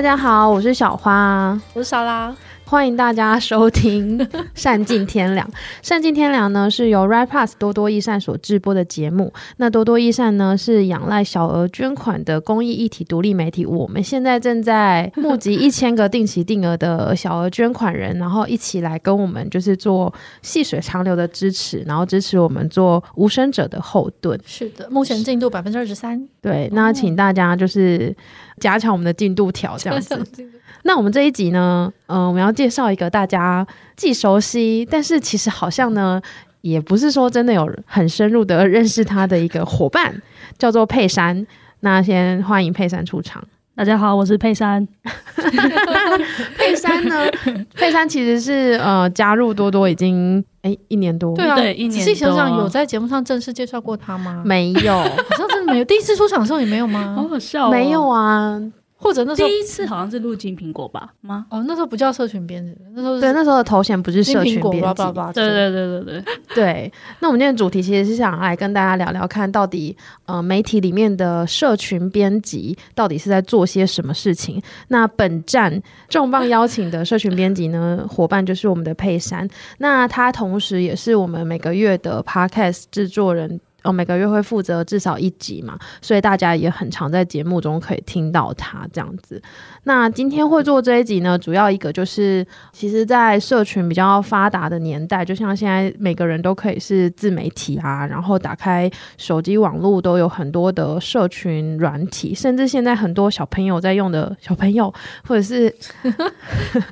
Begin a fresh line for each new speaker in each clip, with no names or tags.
大家好，我是小花，我是莎拉，歡迎大家收聽《善盡天良》。 《善盡天良》呢是由 Right Plus 多多益善所製播的節目。那多多益善呢是仰賴小額捐款的公益一體獨立媒體。我們現在正在募集一千個定期定額的小額捐款人， 然後一起來跟我們就是做細水長流的支持，然後支持我們做無聲者的後盾。
是的，目前進度百分之二十三。
對。哦哦，那請大家就是。加強我們的進度條這樣子。那我們這一集呢，嗯、呃，我們要介紹一個大家既熟悉，但是其實好像呢，也不是說真的有很深入的認識他的一個夥伴， 叫做佩珊。那先歡迎佩珊出場。大家好，我是佩珊。 佩珊山呢？ 佩珊其實是呃，加入多多已經欸，一年多，對啊，對，一年。仔細想想，學長，有在
節目上正式介紹過她嗎？
沒有，
好像真的沒有。 第一次出場的時候也沒有嗎？ 好好笑喔，沒有啊。或者那時候第一次
好像是錄金
蘋果吧
嗎？哦，那時候不叫社群編輯，那
時候對那時候的頭銜不是社群編輯，對對對對對對。那我們今天主題其實是想來跟大家聊聊，看到底呃媒體裡面的社群編輯到底是在做些什麼事情。那本站重磅邀請的社群編輯呢 夥伴就是我們的佩珊，那他同時也是我們每個月的 Podcast 製作人。我、哦、每個月會負責至少一集嘛，所以大家也很常在節目中可以聽到他這樣子。那今天會做這一集呢，主要一個就是，其實，在社群比較發達的年代，就像現在，每個人都可以是自媒體啊，然後打開手機網絡都有很多的社群軟體，甚至現在很多小朋友在用的小朋友，或者是。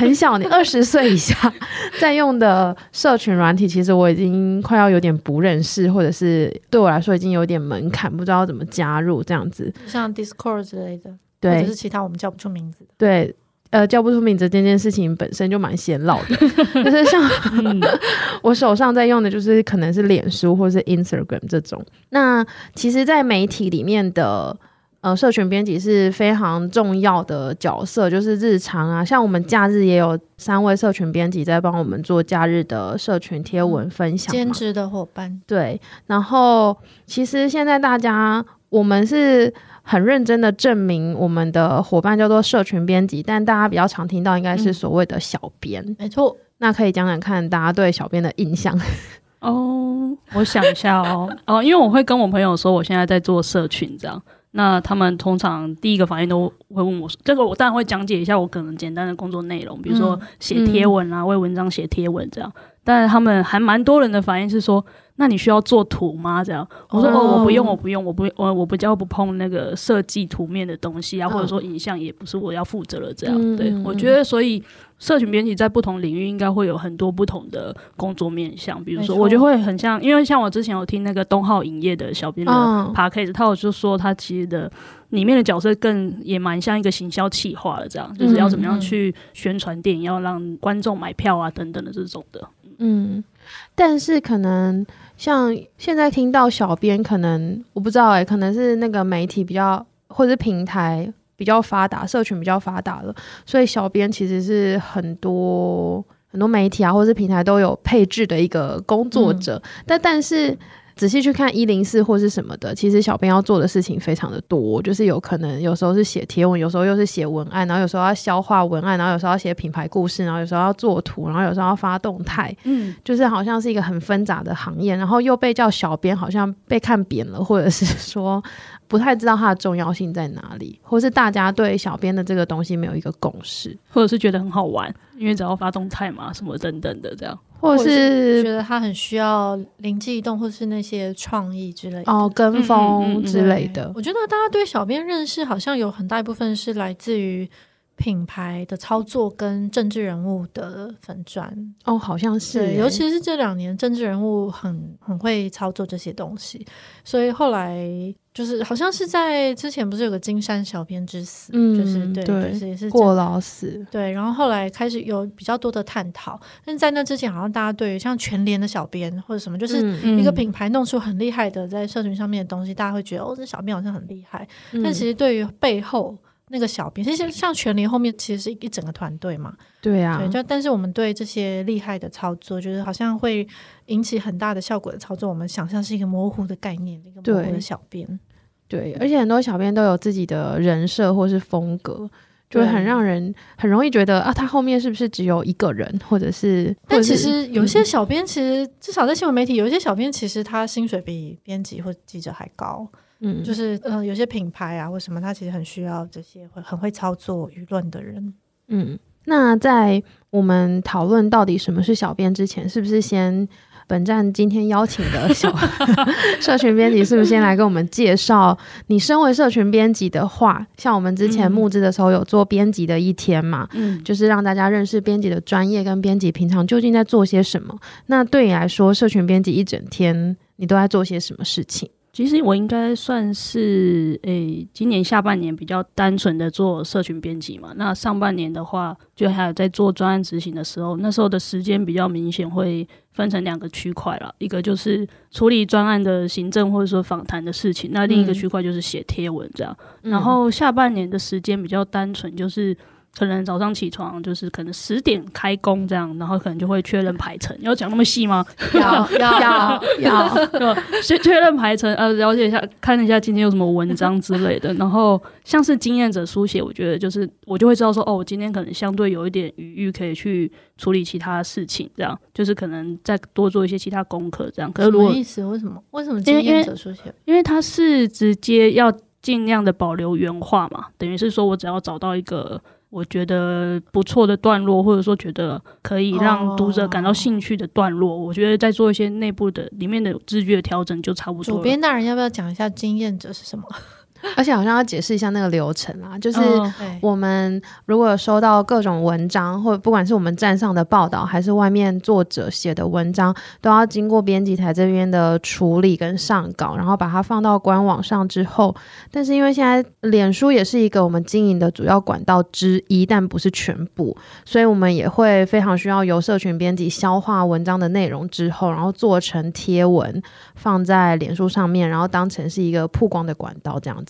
很小，你二十歲以下在用的社群軟體，其實我已經快要有點不認識，或者是對我來說已經有點門檻，不知道怎麼加入這樣子，
像 Discord 之類的，對，或者是其他我們叫不出名字
的，對，呃，叫不出名字這件事情本身就蠻顯老的， 就是像、嗯、 我手上在用的，就是可能是臉書或者是 Instagram 這種。那其實，在媒體裡面的。呃，社群編輯是非常重要的角色，就是日常啊，像我們假日也有三位社群編輯在幫我們做假日的社群貼文分享。兼職的夥伴。對，然後其實現在大家，我們是很認真的證明我們的夥伴叫做社群編輯，但大家比較常聽到應該是所謂的小編。嗯，沒錯，那可以講講看大家對小編的印象。哦，
我想一下哦， 哦，因為我會跟我朋友說我現在在做社群這樣。那他們通常第一個反應都會問我說：“這個我當然會講解一下，我可能簡單的工作內容，比如說寫貼文啊、嗯，為文章寫貼文這樣。”但是他們還蠻多人的反應是說，那你需要做圖嗎？這樣、oh, 我說哦，我不用，我不用，我不，哦、我我比較不碰那個設計圖面的東西啊，oh. 或者說影像也不是我要負責的。這樣、mm -hmm. 對我覺得，所以社群編輯在不同領域應該會有很多不同的工作面向。比如說，我就會很像，因為像我之前有聽那個東浩影業的小編的 podcast，他有就說他其實的裡面的角色更也蠻像一個行銷企劃的，這樣就是要怎麼樣去宣傳電影，mm -hmm. 要讓觀眾買票啊等等的這種的。
嗯，但是可能像現在聽到小編，可能我不知道哎，可能是那個媒體比較，或者是平台比較發達，社群比較發達了，所以小編其實是很多很多媒體啊，或者是平台都有配置的一個工作者，嗯、但但是。仔細去看一零四或是什麼的，其實小編要做的事情非常的多，就是有可能有時候是寫貼文，有時候又是寫文案，然後有時候要消化文案，然後有時候要寫品牌故事，然後有時候要做圖，然後有時候要發動態，嗯，就是好像是一個很紛雜的行業，然後又被叫小編，好像被看扁了，或者是說不太知道它的重要性在哪裡，或是大家對小編的這個東西沒有一個共識，或者是覺得很好玩，
因為只要發動態嘛，什麼等等的這樣。
或是覺得他很需要靈機一動，或是那些創意之類的。哦，
跟風之類的。嗯嗯嗯、我
覺得大家對小編認識，好像有很大一部分是來自於。品牌的操作跟政治人物的粉專
哦，好像是，尤其是這
兩年政治人物很很會操作這些東西，所以後來就是好像是在之前不是有個金山小編之死。嗯、就是對，對，就是也是過勞死，對，然後後來開始有比較多的探討，但是在那之前好像大家對於像全聯的小編或者什麼，就是一個品牌弄出很厲害的在社群上面的東西。嗯、大家會覺得哦，這小編好像很厲害，嗯，但其實對於背後。那個小編其實像全聯後面其實是一整個團隊嘛，
對啊，對就，
但是我們對這些厲害的操作，就是好像會引起很大的效果的操作，我們想象是一個模糊的概念，一個模糊的小編，
對，而且很多小編都有自己的人設或是風格，
就會很讓
人很容易覺得啊，他後面是不是只有一個人，或者是？或者是，但其實有些
小編其實 至少在新聞媒體，有一些小編其實他薪水比編輯或記者還高。嗯，就是呃，有些品牌啊，或什麼，他其實很需要這些會很會操作輿論的人。嗯，
那在我們討論到底什麼是小編之前，是不是先本站今天邀請的小 社群編輯，是不是先來跟我們介紹？你身為社群編輯的話，像我們之前募資的時候有做編輯的一天嘛？嗯，就是讓大家認識編輯的專業跟編輯平常究竟在做些什麼。那對你來說，社群編輯一整天，你都在做些什麼事情？
其實我應該算是，誒、欸，今年下半年比較單純的做社群編輯嘛。那上半年的話，就還有在做專案執行的時候，那時候的時間比較明顯會分成兩個區塊啦，一個就是處理專案的行政或者說訪談的事情，那另一個區塊就是寫貼文這樣。嗯、然後下半年的時間比較單純，就是。可能早上起床就是可能十點開工這樣，然後可能就會確認排程。 要講那麼細嗎？
要要要。
先確 認排程，呃，了解一下，看一下今天有什麼文章之類的。 然後像是經驗者書寫，我覺得就是我就會知道說，哦，我今天可能相對有一點餘裕，可以去處理其他事情，這樣就是可能再多做一些其他功課，這樣。可是如果什麼意思？為什麼為什麼經驗者書寫？因為他是直接要盡量的保留原話嘛，等於是說我只要找到一個。我覺得不錯的段落，或者說覺得可以讓讀者感到興趣的段落，oh. 我覺得再做一些內部的、裡面的字句的調整就差不多。主編
大人，要不要講一下經驗者是什麼？ 而且好像要解釋一下那個流程啊，就是我們如果收到各種文章，oh, okay. 或者不管是我們站上的報道，還是外面作者寫的文章，都要經過編輯台這邊的處理跟上稿，然後把它放到官網上之後。但是因為現在臉書也是一個我們經營的主要管道之一，但不是全部，所以我們也會非常需要由社群編輯消化文章的內容之後，然後做成貼文放在臉書上面，然後當成是一個曝光的管道這樣子。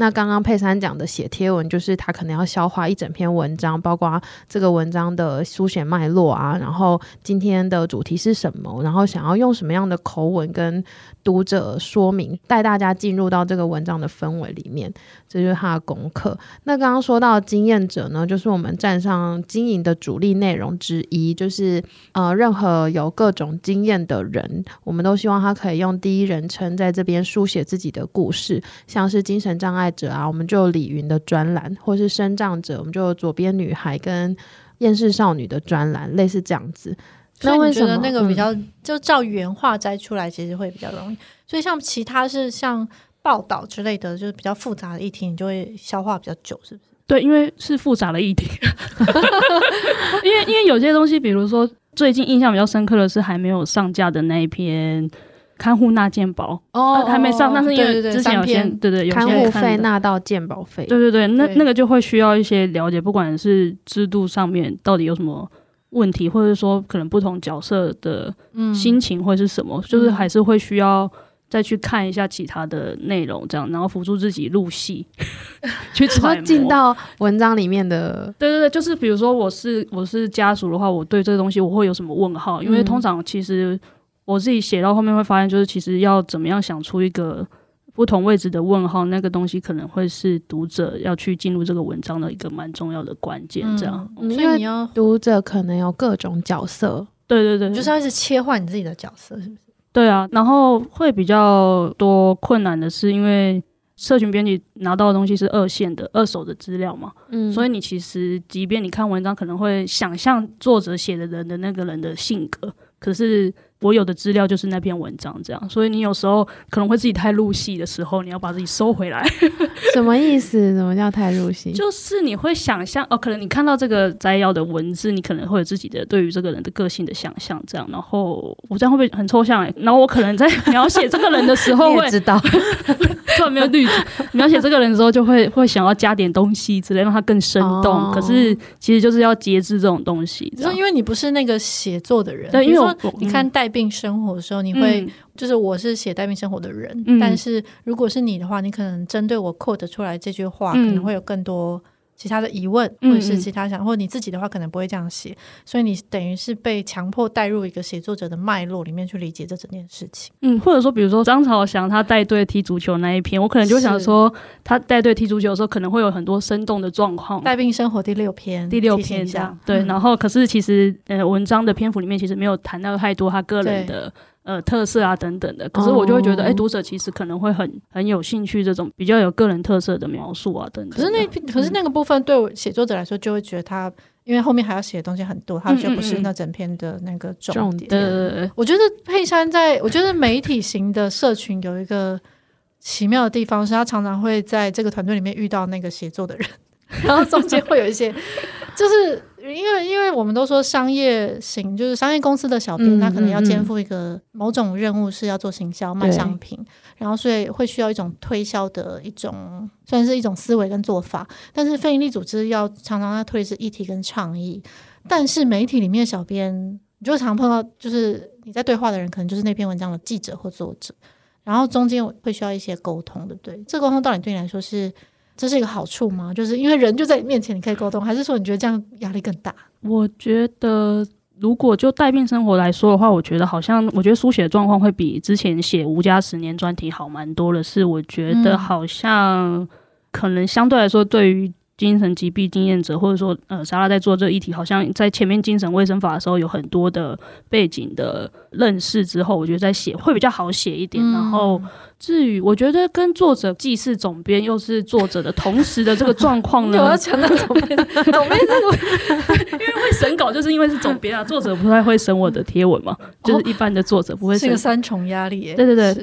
那剛剛佩珊講的寫貼文，就是他可能要消化一整篇文章，包括這個文章的書寫脈絡啊，然後今天的主題是什麼，然後想要用什麼樣的口吻跟讀者說明，帶大家進入到這個文章的氛圍裡面，這就是他的功課。那剛剛說到經驗者呢，就是我們站上經營的主力內容之一，就是呃，任何有各種經驗的人，我們都希望他可以用第一人稱在這邊書寫自己的故事，像是精神障礙。者啊，我們就有李芸的專欄，或是身障者，我們就有左邊女孩跟厭世少女的專欄，類似這樣子。那我覺得那個比較、嗯、
就照原話摘出來，其實會比較容易。所以像其他是像報道之類的，就是比較複雜的議題，你就會消化比較久，是不
是？對，因為是複雜的議題。 因為因為有些東西，比如說最近印象比較深刻的是還沒有上架的那一篇。看護納健保哦、
oh, 啊，還沒上，oh, 那是因為之前有些對，對對，對對對有些看護費納到健保費，對對
對，那對那個就會需要一些了解，不管是制度上面到底有什麼問題，或者是說可能不同角色的心情會是什麼、嗯，就是還是會需要再去看一下其他的內容，這樣然後輔助自己入戲， 去揣採摩進 到文章裡面的。對對對，就是比如說我是我是家屬的話，我對這個東西我會有什麼問號？嗯、因為通常其實。我自己寫到後面會發現，就是其實要怎麼樣想出一個不同位置的問號，那個東西可能會是讀者要去進入這個文章的一個蠻重要的關鍵，這樣、嗯
嗯。所以你要讀者可能有各種角色，對對對,對，就
算是切換你自己的角色，是不是？
對啊，然後會比較多困難的是，因為社群編輯拿到的東西是二線的二手的資料嘛，嗯，所以你其實即便你看文章，可能會想象作者寫的人的那個人的性格，可是。我有的資料就是那篇文章這樣，所以你有時候可能會自己太入戲的時候，你要把自己收回
來。什麼意思？怎麼叫太入戲？ 就
是你會想象哦，可能你看到這個摘要的文字，你可能會有自己的對於這個人的個性的想象這樣。然後我這樣會不會很抽象欸？然後我可能在描寫這個人的時候我 知道。 沒有例子，描寫這個人的時候就會會想要加點東西之類，讓他更生動。Oh. 可是其實就是要節制這種東西，因為
因為你不是那個寫作的人，對，因為你看《帶病生活》的時候，嗯、你會就是我是寫《帶病生活》的人、嗯，但是如果是你的話，你可能針對我 quote 出來這句話、嗯，可能會有更多。其他的疑問，或者是其他想，或者你自己的話，可能不會這樣寫。嗯，所以你等於是被強迫帶入一個寫作者的脈絡裡面去理解這整件事情。
嗯，或者說，比如說張朝祥他帶隊踢足球那一篇，我可能就想說，他帶隊踢足球的時候，可能會有很多生動的狀況。帶病生活第六篇，第六篇這樣、嗯、對。然後，可是其實，呃，文章的篇幅裡面其實沒有談到太多他個人的。呃，特色啊等等的，可是我就會覺得，哎、哦，讀者其實可能會很很有興趣這種比較有個人特色的描述啊等等。可是那、
嗯、可是那個部分，對我寫作者來說，就會覺得他、嗯、因為後面還要寫的東西很多，他就不是那整篇的那個重點。嗯嗯，重點。我覺得佩珊在，我覺得媒體型的社群有一個奇妙的地方，是他常常會在這個團隊裡面遇到那個寫作的人， 然後中間會有一些 就是。因為，因為我們都說商業型就是商業公司的小編，他、嗯嗯嗯、可能要肩負一個某種任務，是要做行銷賣商品，然後所以會需要一種推銷的一種，算是一種思維跟做法。但是非營利組織要常常要推是議題跟倡議，但是媒體裡面的小編，你就常碰到就是你在對話的人，可能就是那篇文章的記者或作者，然後中間會需要一些溝通的，對，這個溝通到底對你來說是？這是一個好處嗎？就是因為人就在你面前，你可以溝通，還是說你覺得這樣壓力更大？
我覺得，如果就帶病生活來說的話，我覺得好像，我覺得書寫的狀況會比之前寫無家十年專題好蠻多的。是我覺得好像、嗯、可能相對來說，對於。精神疾病經驗者，或者說，呃，莎拉在做這一題，好像在前面精神衛生法的時候有很多的背景的認識之後，我覺得在寫會比較好寫一點。嗯、然後，至於我覺得跟作者既是總編，又是作者的同時的這個狀況呢，我、嗯、 要強調總編， 總編 因為會審稿，就是因為是總編啊，作者不太會審我的貼文嘛、哦，就是一般的作者不會審。是個三重壓力、欸，對對對，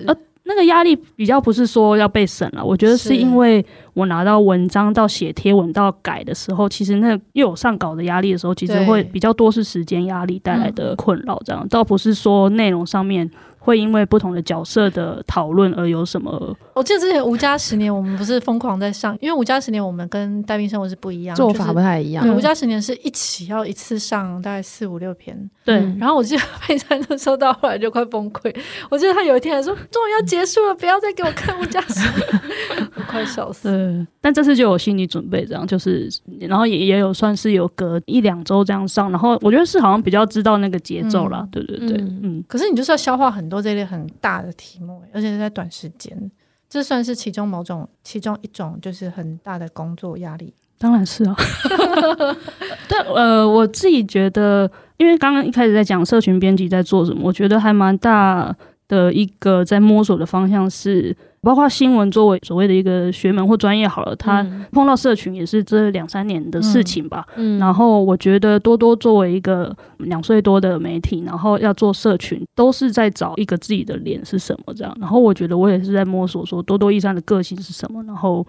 那個壓力比較不是說要被審了，我覺得是因為我拿到文章到寫貼文到改的時候，其實那又有上稿的壓力的時候，其實會比較多是時間壓力帶來的困擾，這樣，嗯，倒不是說內容上面。會因為不同的角色的討論而有什麼？我
記得之前《無家十年》我們不是瘋狂在上， 因為《無家十年》我們跟《帶病生活》是不一樣，做法不太一樣。就是《無家十年》是一起要一次上大概四五六篇。對、嗯嗯。然後我記得佩珊都收到，後來就快崩潰。我記得他有一天還說：“ 終於要結束了，不要再給我看《無家十年》 我快笑
死了。嗯”但這次就有心理準備，這樣就是，然後也也有算是有隔一兩周這樣上，然後我覺得是好像比較知道那個節奏啦、嗯，對對對，嗯。
可是你就是要消化很多。這類很大的題目，而且是在短時間，這算是其中某種、其中一種，就是很大的工作壓力。
當然是啊、哦 但呃，我自己覺得，因為剛剛一開始在講社群編輯在做什麼，我覺得還蠻大的一個在摸索的方向是。包括新聞作為所謂的一個學門或專業好了，他碰到社群也是這兩三年的事情吧？嗯，嗯。然後我覺得多多作為一個兩歲多的媒體，然後要做社群，都是在找一個自己的臉是什麼這樣。然後我覺得我也是在摸索說多多益善的個性是什麼，然後。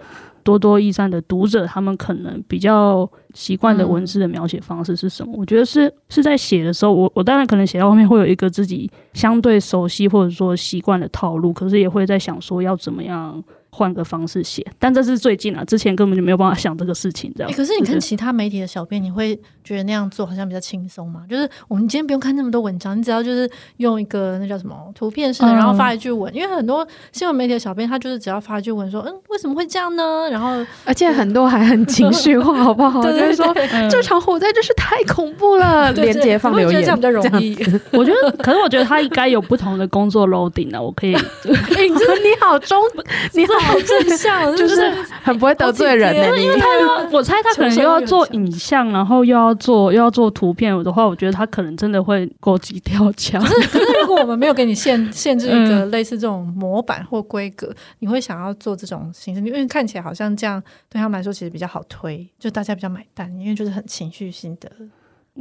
多多益善的讀者，他們可能比較習慣的文字的描寫方式是什麼？嗯、我覺得是是在寫的時候，我我當然可能寫到後面會有一個自己相對熟悉或者說習慣的套路，可是也會在想說要怎麼樣。換個方式寫，但這是最近啊，之前根本就沒有辦法想這個事情，這樣、欸。可是你看其他
媒體的小編，你會覺得那樣做好像比較輕鬆嗎？就是我們今天不用看那麼多文章，你只要就是用一個那叫什麼圖片式的，然後發一句文。嗯、因為很多新聞媒體的小編，他就是只要發一句文說，嗯，為什麼會這樣呢？然後，
而且很多還很情緒化，好不好？ 對對對對就是說這場、嗯、火災真是太恐怖了。 連接放留言是不是覺得比較容易，我覺得。
可是我覺得他應該有不同的工作 loading 啊，我可以。
影子、 欸、你， 你好中，你好。好正
向，就是很不會得罪人呢、欸， 欸、因為他要，我猜他可能又要做影像，然後又要做又要做圖片的話，我覺得他可能真的會狗急跳牆。
如果我們沒有給你限限制一個類似這種模板或規格，你會想要做這種形式？因為看起來好像這樣對他們來說其實比較好推，就大家比較買單，因為就是很情緒性的。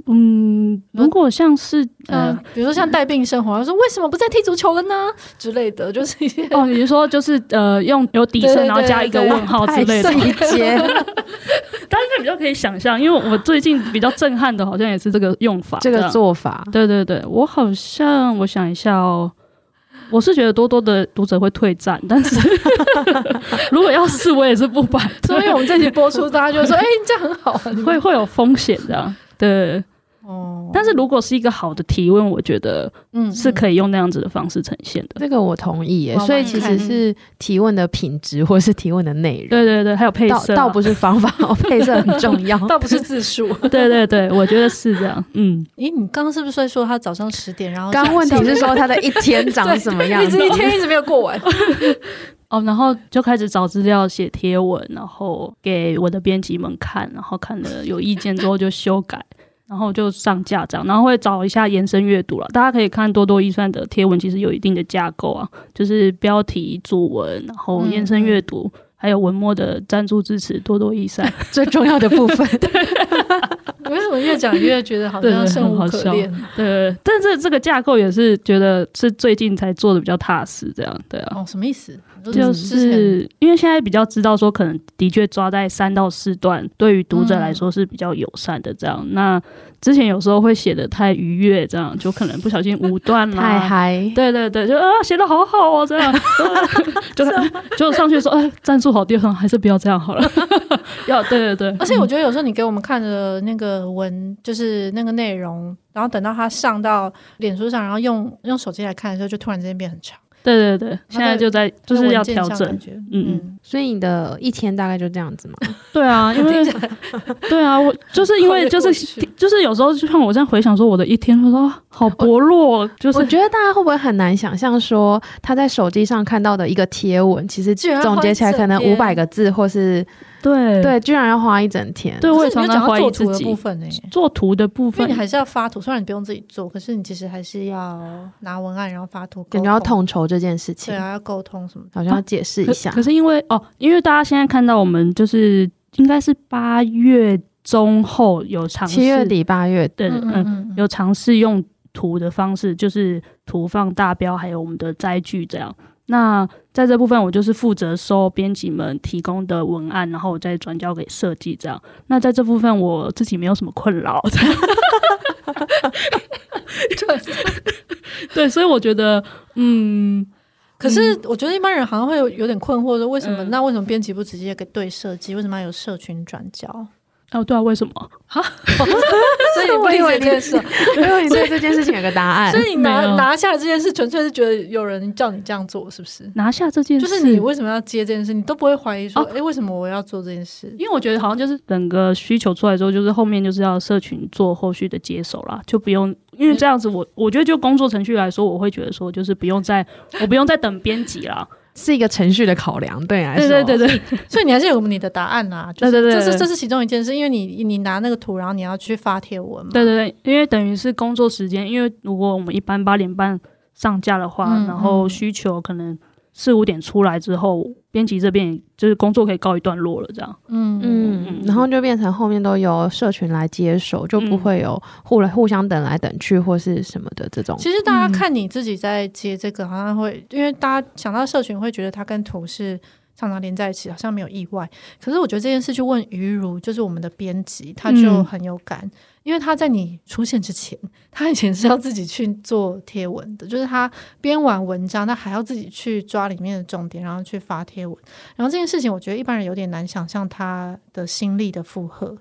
嗯，如果像是、嗯、呃，比如說像帶病生活，說、嗯、為什麼不再踢足球了呢之類的，就是一些哦，比如說就是呃，用有底色，然後加一個問號之類的，大家應該比較可以想象。因為我最近比較震撼的，好像也是這個用法這樣，這個做法。對對對，我好像我想一下哦，我是覺得多多的讀者會退站，但是 如果要是我也是不買，所以我們這集播出，大家就說，哎、 欸，這樣很好、啊，會會有風險這樣。對，哦，但是如果是一個好的提問，我覺得，嗯，
是可以用那樣子的方式呈現的。這個我同意耶，所以其實是提問的品質，或是提問的內容。
對對對，還有配色，倒不是
方法、 哦，配色很重
要，倒 不
是字數。對對
對，我覺得是這樣。
嗯，咦、欸，你剛剛是不是在說他早上十點？然後
剛問題是說他的一天長什麼樣子？一直一天一直沒有過完。 哦，然後就開始找資料寫貼文，然後給我的編輯們看，然後看了有意見之後就修改， 然後就上架這樣，然後會找一下延伸閱讀了。大家可以看多多益善的貼文，其實有一定的架構啊，就是標題、正文，然後延伸閱讀，還有文末的贊助支持。多多益善 最重要的部分。為 什
麼越講越覺得好像生無可戀？
對，但是這個架構也是覺得是最近才做的比較踏實，這樣對啊？哦，什麼意思？就是因為現在比較知道說，可能的確抓在三到四段，對於讀者來說是比較友善的。這樣，嗯，那之前有時候會寫的太愉悅，這樣就可能不小心五段了。 太嗨！對對對，就啊，寫的好好啊，喔，這樣 就是，就上去說，哎、欸，站住好地方，還是不要這樣好了。 要對對
對。而且我覺得有時候你給我們看的那個文，就是那個內容，然後等到它上到臉書上，然後用用手機來看的時候，就突然之間變很長。
對對對，
現在就在就是要調整，嗯嗯，所以你的一天大概就這樣子嘛？ 對啊，因為 一下 對啊，我
就是因為就是回回就是有時候就像我這樣回想說我的一天，我說
好薄弱，就是我覺得大家會不會很難想象說他在手機上看到的一個貼文，其實總結起來可能五百個字或是。對對，居然要花一整天。對，我也常常懷疑自己。做圖的部分呢、欸？做圖的部分，因為你還
是要發圖，雖然你不用自己做，可是你其實還是要拿文案，然後發圖，感覺要
統籌這件事情，對、啊，要
溝通什麼，好像要解釋一下。可是因
為哦，因為大家現在看到我們就是應該是八月中後有嘗七月底八月，對，嗯，嗯，嗯，嗯，嗯，有嘗試用圖的方式，就是圖放大標，還有我們的載具這樣。那在這部分，我就是負責收編輯們提供的文案，然後我再轉交給設計這樣。那在這部分，我自己沒有什麼困擾。
對，所以我覺得，嗯，可是我覺得一般人好像會有有點困惑，說為什麼？嗯、那為什麼編輯不直接給對設計？為什麼要有社群轉交？
哦，對啊，為什麼？
所
以你接這件事， 我以為你對這件事情有個答案。所以你拿
拿下這件事，純粹是覺得有人叫你這樣做，是不是？拿下這件事？就是你為什麼要接這件事？你都不會懷疑說，哎、啊欸，為什麼我要做這件事？
因為我覺得好像就是整個需求出來之後，就是後面就是要社群做後續的接手了，就不用因為這樣子我，我、欸、我覺得就工作程序來說，我會覺得說，就是不用再，我不用再等編輯了。
是一個程序的考量，對還是？對對對對，對，所
以，所以你還是有你的答案啊，就是，對對對對，這是這是其中一件事，因為你你拿
那個圖，然後你要去發帖文嘛。對
對對，因為等於是工作時間，因為如果我們一般八點半上架的話，嗯，然後需求可能。四五點出來之後，編輯這邊就是工作可以告一段落了，這樣。
嗯嗯，然後就變成後面都由社群來接手、嗯，就不會有互來互相等來等去或是什麼的這種。其實
大
家看你自己在接這個好像會、嗯，好像會因為大家想到社群，會覺得它跟圖是。常常連在一起，好像沒有意外。可是我覺得這件事去問於如，就是我們的編輯，他就很有感，嗯。因為他在你出現之前，他以前是要自己去做貼文的，嗯。就是他編完文章，他還要自己去抓裡面的重點，然後去發貼文。然後這件事情，我覺得一般人有點難想象他的心力的負荷，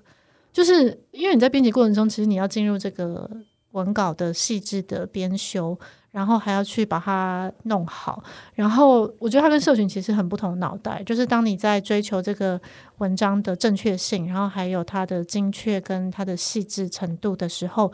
就是因為你在編輯過程中，其實你要進入這個文稿的細緻的編修。然後還要去把它弄好，然後我覺得它跟社群其實很不同腦袋。就是當你在追求這個文章的正確性，然後還有它的精確跟它的細緻程度的時候，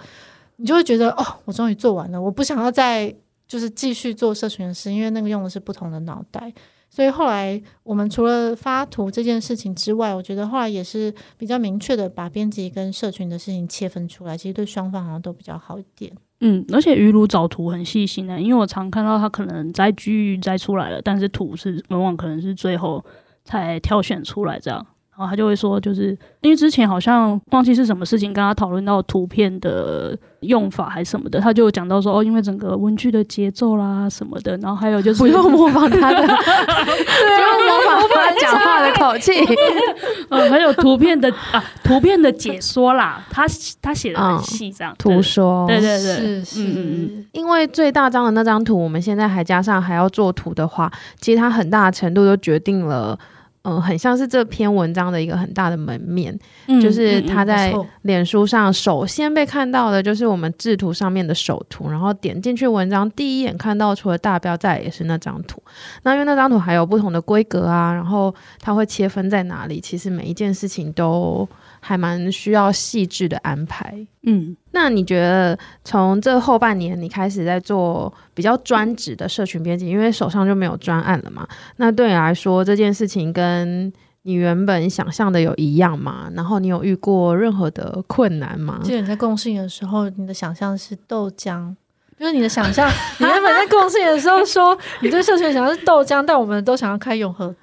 你就會覺得哦，我終於做完了。我不想要再就是繼續做社群的事，因為那個用的是不同的腦袋。所以後來我們除了發圖這件事情之外，我覺得後來也是比較明確的把編輯跟社群的事情切分出來，其實對雙方好像都比較好一點。
嗯，而且魚滷找圖很細心的，欸，因為我常看到他可能摘句摘出來了，但是圖是往往可能是最後才挑選出來這樣。然後他就會說，就是因為之前好像忘記是什麼事情，跟他討論到圖片的用法還是什麼的，他就講到說，哦，因為整個文具的節奏啦什麼的，然後還有就是不用模仿他的，不 對、啊、 用模仿他講話的口氣， 嗯，還有圖片的啊，圖片的解說啦，他他寫的很細，這樣、嗯、圖說對，對對對，
是是、嗯，因為最大張的那張圖，我們現在還加上還要做圖的話，其實他很大程度都決定了。嗯、呃，很像是這篇文章的一個很大的門面，嗯、就是他在臉書上首先被看到的，就是我們製圖上面的首圖，然後點進去文章第一眼看到，除了大標在也是那張圖，那因為那張圖還有不同的規格啊，然後它會切分在哪裡，其實每一件事情都還蠻需要細緻的安排，嗯，那你覺得從這後半年你開始在做比較專職的社群編輯，因為手上就沒有專案了嘛？那對你來說這件事情跟你原本想象的有一樣嗎？然後你有遇過任何的困難嗎？就
你在共性的時候，你的想象是豆漿，就是你的想象， 你原本在共性的時候說 你對社群想像是豆漿，但我們都想要開永和。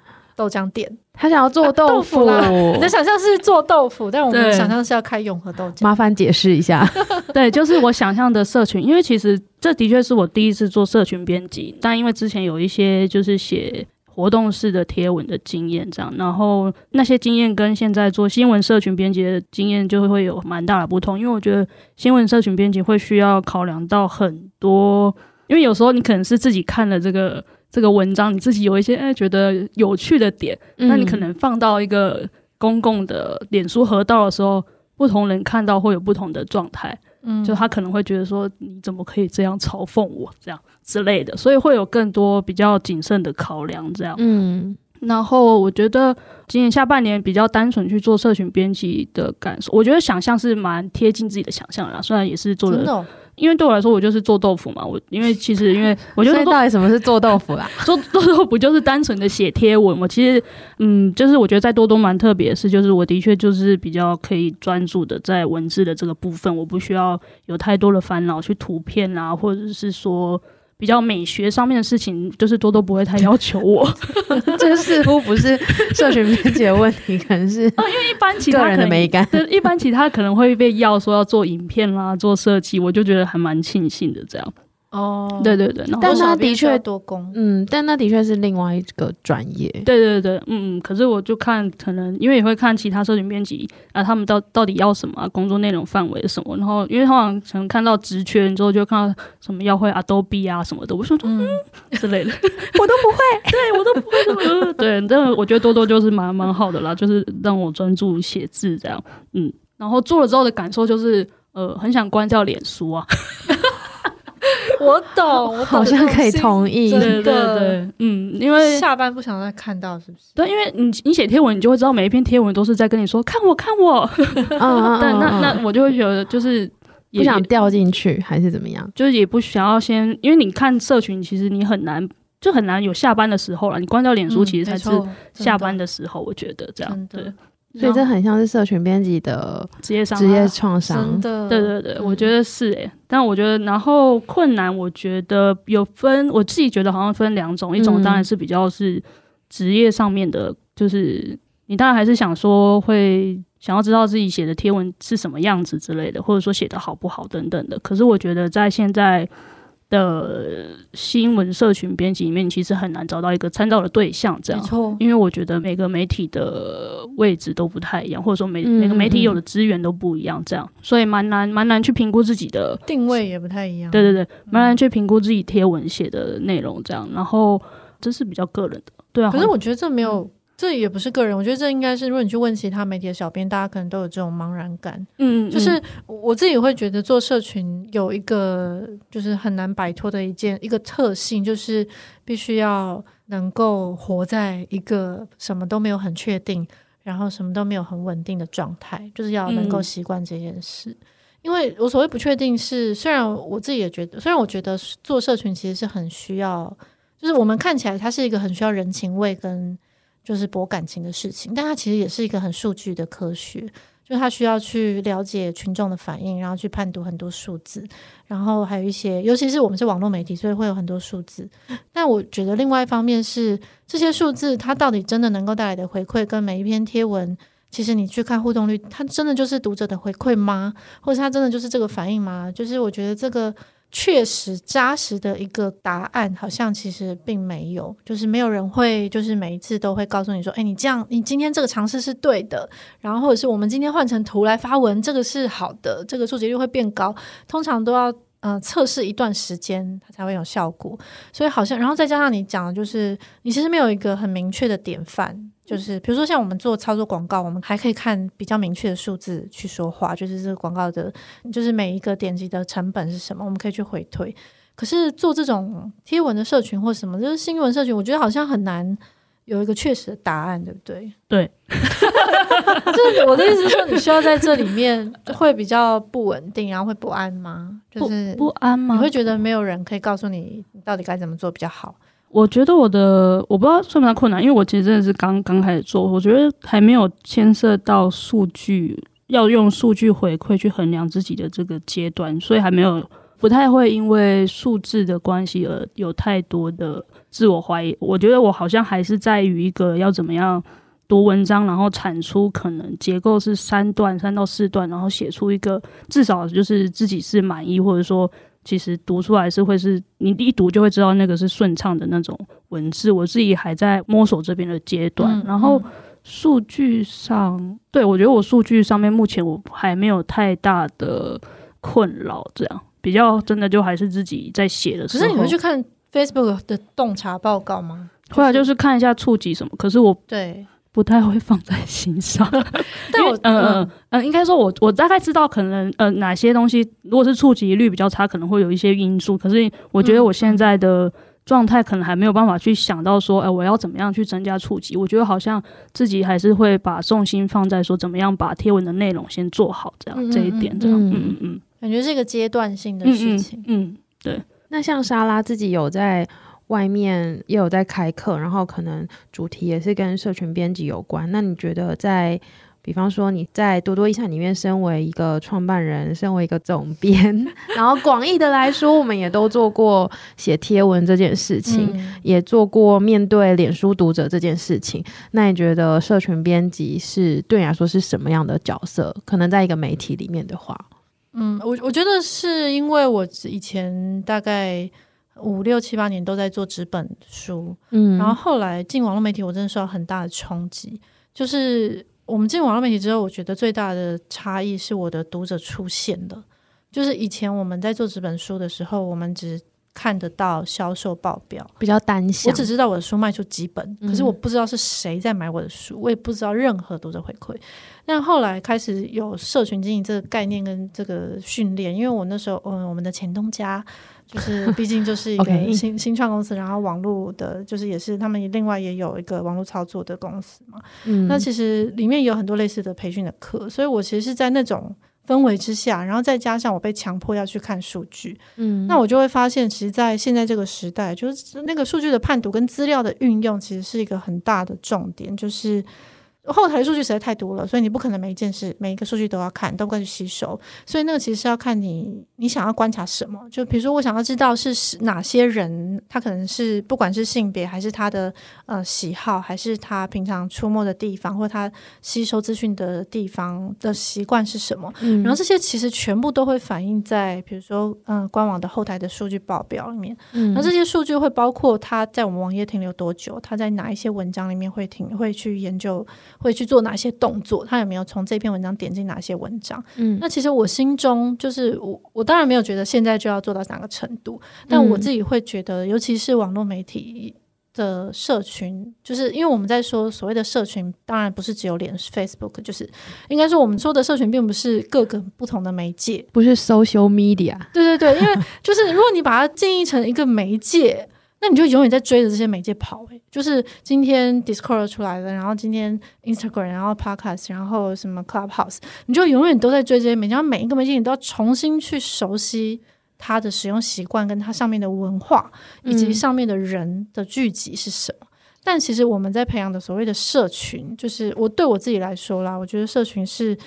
豆漿店，他想要做豆腐，啊、豆腐 你的想象是做豆腐，但我們想象是要開永和豆
漿。麻煩解釋一下，
對，就是我想象的社群，因為其實這的確是我第一次做社群編輯，但因為之前有一些就是寫活動式的貼文的經驗這樣，然後那些經驗跟現在做新聞社群編輯的經驗就會有蠻大的不同，因為我覺得新聞社群編輯會需要考量到很多。因為有時候你可能是自己看了這個這個文章，你自己有一些哎，覺得有趣的點，那、嗯、你可能放到一個公共的臉書河道的時候，不同人看到會有不同的狀態。嗯，就他可能會覺得說你怎麼可以這樣嘲諷我這樣之類的，所以會有更多比較謹慎的考量。這樣，嗯，然後我覺得今年下半年比較單純去做社群編輯的感受，我覺得想象是蠻貼近自己的想象的，雖然也是做了、哦。因為對我來說，我就是做豆腐嘛。我因為其實，因為我覺得， 到底什麼是做豆腐啦？做做豆、豆腐不就是單純的寫貼文？ 我其實，嗯，就是我覺得在多多蠻特別的是，就是我的確就是比較可以專注的在文字的這個部分，我不需要有太多的煩惱去圖片啊，或者是說，比較美學上面的事情，就是多多不會太要求我， 這似乎不是社群編輯的問題， 可能是哦、嗯，因為一般其他人的美感， 對，一般其他可能會被要說要做影片啦，做設計，我就覺得還蠻慶幸的這樣。
哦、oh,，對對對，但是他的確多工，嗯，但那的確是另外一個專業。對對
對，嗯，可是我就看，可能因為也會看其他社群編輯啊，他們到到底要什麼、啊、工作內容範圍什麼，然後因為他好像可能看到職缺之後，就看到什麼要會 Adobe 啊什麼的，我說就嗯之類的， 我都不會，對我都不會這麼， 對，但我覺得多多就是蠻蠻好的啦，就是讓我專注寫字這樣，嗯，然後做了之後的感受就是，呃，很想關掉臉書啊。 我
懂，我懂，好像可以同意，對對對，嗯，因為下班不想再看到，是不
是？對，因為你你寫貼文，你就會知道每一篇貼文都是在跟你說看我看我，看我 uh, uh, uh, uh, 但那那我就會覺得就是不想
掉進去，還是怎麼樣？
就是也不想要先，因為你看社群，其實你很難就很難有下班的時候了。你關掉臉書，其實才是下班的時候，我覺得這樣、嗯、真的對。所以這
很像是社群編輯的職業傷、嗯、職業創傷的。
對對對，我覺得是誒、欸嗯。但我覺得，然後困難，我覺得有分，我自己覺得好像分兩種，一種當然是比較是職業上面的，嗯，就是你當然還是想說會想要知道自己寫的貼文是什麼樣子之類的，或者說寫的好不好等等的。可是我覺得在現在，的新聞社群編輯裡面，其實很難找到一個參照的對象，這樣，因為我覺得每個媒體的位置都不太一樣，或者說每、嗯、每個媒體有的資源都不一樣，這樣，所以蠻難蠻難去評估自己的定位也不太一樣，對對對，蠻難去評估自己貼文寫的內容這樣，然後這是比較個人的，對啊，可是
我覺得這沒有、嗯。這也不是個人，我覺得這應該是，如果你去問其他媒體的小編，大家可能都有這種茫然感。嗯，就是我自己會覺得做社群有一個就是很難擺脫的一件一個特性，就是必須要能夠活在一個什麼都沒有很確定，然後什麼都沒有很穩定的狀態，就是要能夠習慣這件事。嗯。因為我所謂不確定是，雖然我自己也覺得，雖然我覺得做社群其實是很需要，就是我們看起來它是一個很需要人情味跟。就是博感情的事情，但它其實也是一個很數據的科學，就它需要去了解群眾的反應，然後去判讀很多數字，然後還有一些，尤其是我們是網絡媒體，所以會有很多數字。但我覺得另外一方面是這些數字，它到底真的能夠帶來的回饋，跟每一篇貼文，其實你去看互動率，它真的就是讀者的回饋嗎？或者它真的就是這個反應嗎？就是我覺得這個。確實紮實的一個答案，好像其實並沒有，就是沒有人會，就是每一次都會告訴你說，誒，你這樣，你今天這個嘗試是對的，然後或者是我們今天換成圖來發文，這個是好的，這個觸及率會變高。通常都要嗯、呃、測試一段時間，它才會有效果。所以好像，然後再加上你講的就是，你其實沒有一個很明確的典範，就是比如說像我們做操作廣告，我們還可以看比較明確的數字去說話，就是這個廣告的，就是每一個點擊的成本是什麼，我們可以去回推。可是做這種貼文的社群或什麼，就是新聞社群，我覺得好像很難有一個確實的答案，對不對？對 。
就是
我的意思是說，你需要在這裡面會比較不穩定，然後會不安嗎？就是不安嗎？你會覺得沒有人可以告訴你，你到底該怎麼做比較好？
我覺得我的，我不知道算不算困難，因為我其實真的是剛剛開始做，我覺得還沒有牽涉到數據要用數據回饋去衡量自己的這個階段，所以還沒有，不太會因為數字的關係而有太多的自我懷疑。我覺得我好像還是在於一個要怎麼樣讀文章，然後產出可能結構是三段，三到四段，然後寫出一個至少就是自己是滿意，或者說。其實讀出來是會是，你一讀就會知道那個是順暢的那種文字。我自己還在摸索這邊的階段，嗯、然後數據上，嗯、對，我覺得我數據上面目前我還沒有太大的困擾，這樣比較真的就還是自己在寫的時候。可是你會去看
Facebook 的洞察報告嗎？就
是，後來就是看一下觸及什麼。可是我對。不太會放在心上， 但我嗯嗯嗯，應該說我我大概知道可能呃哪些東西，如果是觸及率比較差，可能會有一些因素。可是我覺得我現在的狀態可能還沒有辦法去想到說，哎、嗯嗯呃，我要怎麼樣去增加觸及？我覺得好像自己還是會把重心放在說，怎麼樣把貼文的內容先做好這樣
這一點這樣嗯嗯嗯。嗯嗯嗯，感覺是一個階段性的事情。
嗯嗯嗯，對。那像莎拉自己有在。外面也有在開課，然後可能主題也是跟社群編輯有關。那你覺得在，在比方說你在多多益善裡面身為一個創辦人，身為一個總編， 然後廣義的來說， 我們也都做過寫貼文這件事情、嗯，也做過面對臉書讀者這件事情。那你覺得社群編輯是對你來說是什麼樣的角色？可能在一個媒體裡面的話，
嗯，我我覺得是因為我以前大概。五六七八年都在做紙本書，嗯，然後後來進網絡媒體，我真的受到很大的衝擊。就是我們進網絡媒體之後，我覺得最大的差異是我的讀者出現了。就是以前我們在做紙本書的時候，我們只。看得到銷售報表比較單向。我只知道我的書賣出幾本，嗯，可是我不知道是誰在買我的書，我也不知道任何都在回饋。但後來開始有社群經營這個概念跟這個訓練，因為我那時候嗯，我們的前東家就是畢竟就是一個新 新創公司，然後網絡的就是也是 他們另外也有一個網絡操作的公司嘛，嗯，那其實裡面有很多類似的培訓的課，所以我其實是在那種。氛圍之下，然後再加上我被強迫要去看數據，
嗯，那
我就會發現，其實，在現在這個時代，就是那個數據的判讀跟資料的運用，其實是一個很大的重點，就是。後台數據實在太多了，所以你不可能每一件事，每一個數據都要看，都不去吸收。所以那個其實是要看你你想要觀察什麼。就比如說，我想要知道是哪些人，他可能是不管是性別，還是他的呃喜好，還是他平常出沒的地方，或他吸收資訊的地方的習慣是什麼。嗯、然後這些其實全部都會反映在，比如說嗯、呃，官網的後台的數據報表裡面。那、嗯、這些數據會包括他在我們網頁停留多久，他在哪一些文章裡面會停，會去研究。會去做哪些動作？他有沒有從這篇文章點進哪些文章？嗯，那其實我心中就是我，我當然沒有覺得現在就要做到哪個程度，嗯、但我自己會覺得，尤其是網絡媒體的社群，就是因為我們在說所謂的社群，當然不是只有臉書、Facebook，就是應該說我們說的社群並不是各個
不同的媒介，不是 social media。對對對，因為
就是如果你把它定義成一個媒介。 那你就永遠在追着這些媒介跑，欸、就是今天 Discord 出來的，然後今天 Instagram，然後 Podcast，然後什麼 Clubhouse，你就永遠都在追這些媒介。然後每一個媒介，你都要重新去熟悉它的使用習慣，跟它上面的文化，以及上面的人的聚集是什麼、嗯。但其實我們在培養的所謂的社群，就是我對我自己來說啦，我覺得社群是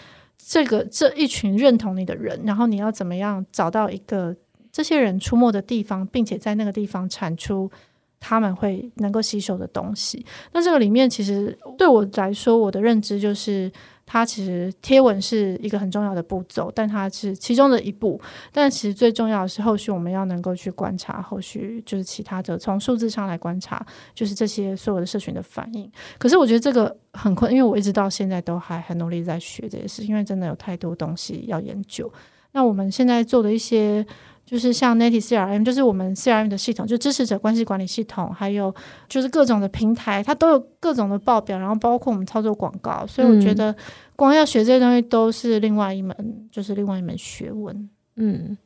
這個這一群認同你的人，然後你要怎麼樣找到一個。這些人出沒的地方，並且在那個地方產出他們會能夠吸收的東西。那這個裡面，其實對我來說，我的認知就是，它其實貼文是一個很重要的步驟，但它是其中的一步。但其實最重要的是，後續我們要能夠去觀察，後續就是其他的從數字上來觀察，就是這些所有的社群的反應。可是我覺得這個很困，因為我一直到現在都還很努力在學這些事，因為真的有太多東西要研究。那我們現在做的一些。就是像 NetiCRM，就是我們 CRM 的系統，就支持者關係管理系統，還有就是各種的平台，它都有各種的報表，然後包括我們操作廣告，所以我覺得光要學這些東西都是另外一門，就是另外一門學問。嗯，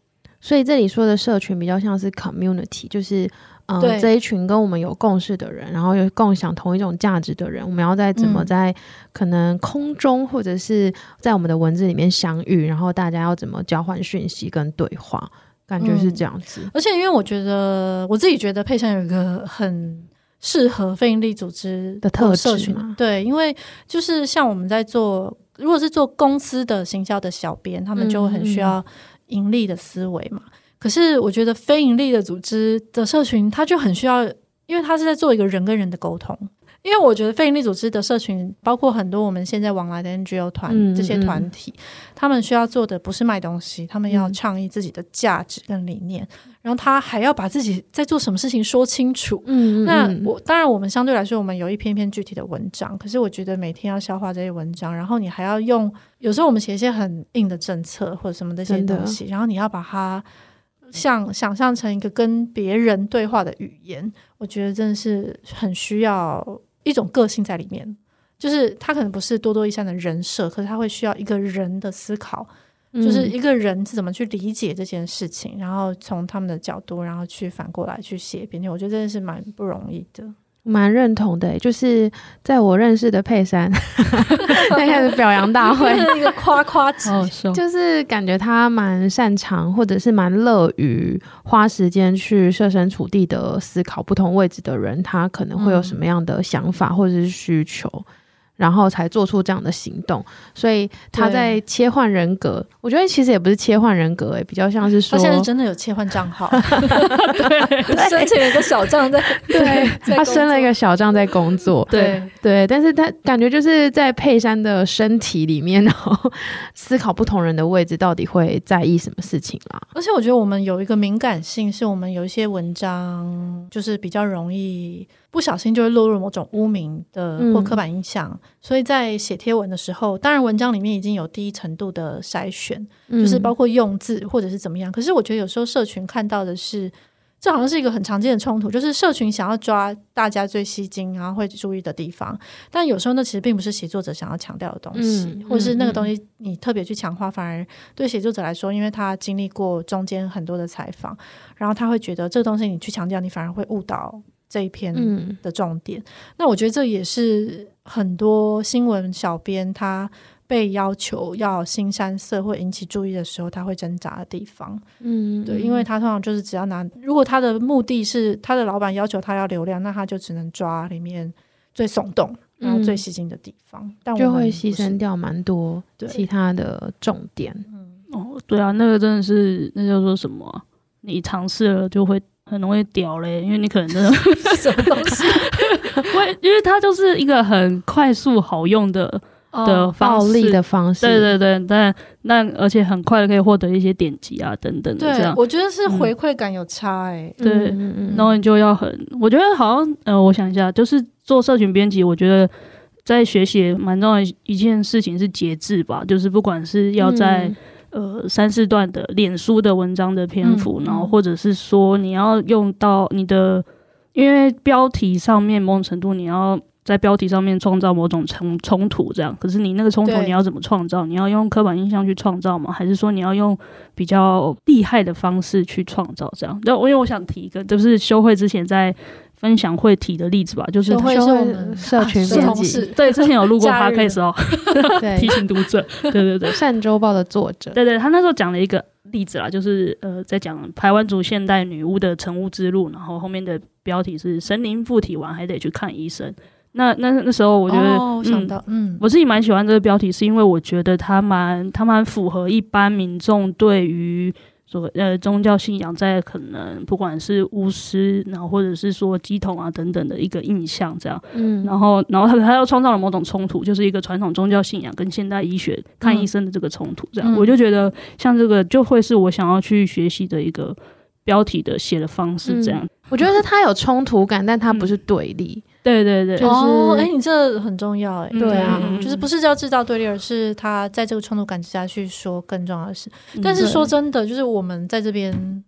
所以這裡說的社群比較像是 community，就是嗯這一群跟我們有共識的人，然後又共享同一種價值的人，我們要在怎麼在、嗯、可能空中或者是在我們的文字裡面相遇，然後大家要怎麼交換訊息跟對話。感覺是這樣子、嗯，而
且因為我覺得我自己覺得佩珊有一個很適合非營利組織的社群的特質嘛，對，因為就是像我們在做，如果是做公司的行銷的小編，他們就會很需要盈利的思維嘛、嗯嗯，可是我覺得非盈利的組織的社群，他就很需要，因為他是在做一個人跟人的溝通。因為我覺得非營利組織的社群，包括很多我們現在往來的 NGO 團、嗯、這些團體、嗯，他們需要做的不是賣東西，他們要倡議自己的價值跟理念、嗯，然後他還要把自己在做什麼事情說清楚。嗯，
那我
當然，我們相對來說，我們有一篇篇具體的文章、嗯，可是我覺得每天要消化這些文章，然後你還要用有時候我們寫一些很硬的政策或者什麼這些東西，然後你要把它像、嗯、想象成一個跟別人對話的語言，我覺得真的是很需要一種個性在裡面，就是他可能不是多多益善的人設，可是他會需要一個人的思考，嗯、就是一個人是怎麼去理解這件事情，然後從他們的角度，然後去反過來去寫，我覺得真的是蠻不容易的。
蠻認同的、欸，就是在我認識的佩珊，
在開始表揚大會，一個
誇誇機，就是感覺他蠻擅長，或者是蠻樂於花時間去設身處地的思考不同位置的人，他可能會有什麼樣的想法或者是需求。然後才做出這樣的行動，所以他在切換人格。我覺得其實也不是切換人格、欸，哎，比較像是說他現在真
的有切換賬號 對，對，申請了一個小賬在對，對，在，他生
了一個小賬在工作，對對。但是他感覺就是在佩珊的身體裡面，然後思考不同人的位置到底會在意什麼事情啦、
啊。而且我覺得我們有一個敏感性，是我們有一些文章就是比較容易。不小心就會落入某種污名的或刻板印象，嗯、所以在寫貼文的時候，當然文章裡面已經有第一程度的篩選，就是包括用字或者是怎麼樣、嗯。可是我覺得有時候社群看到的是，這好像是一個很常見的衝突，就是社群想要抓大家最吸睛然後會注意的地方，但有時候那其實並不是寫作者想要強調的東西、嗯，或是那個東西你特別去強化，反而對寫作者來說，因為他經歷過中間很多的採訪，然後他會覺得這個東西你去強調，你反而會誤導。這一篇的重點、嗯，那我覺得這也是很多新聞小編他被要求要腥羶色會引起注意的時候，他會掙扎的地方。嗯，
對嗯，因為他
通常就是只要拿，如果他的目的是他的老闆要求他要流量，那他就只能抓裡面最聳動、嗯、然後
最
吸睛的地方，但我就會犧牲掉
蠻多其他的重點。
嗯，哦，對啊，那個真的是那叫做什麼？你嘗試了就會。很容易屌嘞，因為你可能真的 什麼東西，因 為因為它就是一個很快速好用的、哦、的方式暴力的方式，對對對，但那而且很快的可以獲得一些點擊啊等等的對，這樣。我
覺得是回饋感有差哎、欸嗯，對，
然後你就要很，我覺得好像呃，我想一下，就是做社群編輯，我覺得在學習蠻重要一件事情是節制吧，就是不管是要在。嗯呃，三四段的臉書的文章的篇幅，嗯、然後或者是說你要用到你的，因為標題上面某種程度你要在標題上面創造某種衝衝突，這樣。可是你那個衝突你要怎麼創造？你要用刻板印象去創造嗎？還是說你要用比較厲害的方式去創造？這樣，那因為我想提一個，就是修會之前在，分享會提的例子吧，就是他會是我們社群編輯、啊、對，之前有錄過 podcast 的時候提醒讀者，對， 對對對，
善周報的作
者，對對、對，他那時候講了一個例子啦，就是呃，在講台灣族現代女巫的成巫之路，然後後面的標題是神靈附體完還得去看醫生，那那那時候我覺得，哦、想到嗯、嗯，我自己蠻喜歡這個標題，是因為我覺得他蠻他蠻符合一般民眾對於。說呃，宗教信仰在可能不管是巫師，然後或者是說乩童啊等等的一個印象這樣，嗯、然後然後他他又創造了某種衝突，就是一個傳統宗教信仰跟現代醫學看醫生的這個衝突這樣，嗯，我就覺得像這個就會是我想要去學習的一個標題的寫的方式這樣，
嗯、我覺得他有衝突感，但他不是對立。嗯對對
對，就是、哦，哎，
你這很
重要哎，對啊，就是不是要製造對立，而、嗯、是他在這個衝突感之下去說更重要的事、嗯，但是說真的，就是我們在這邊，嗯、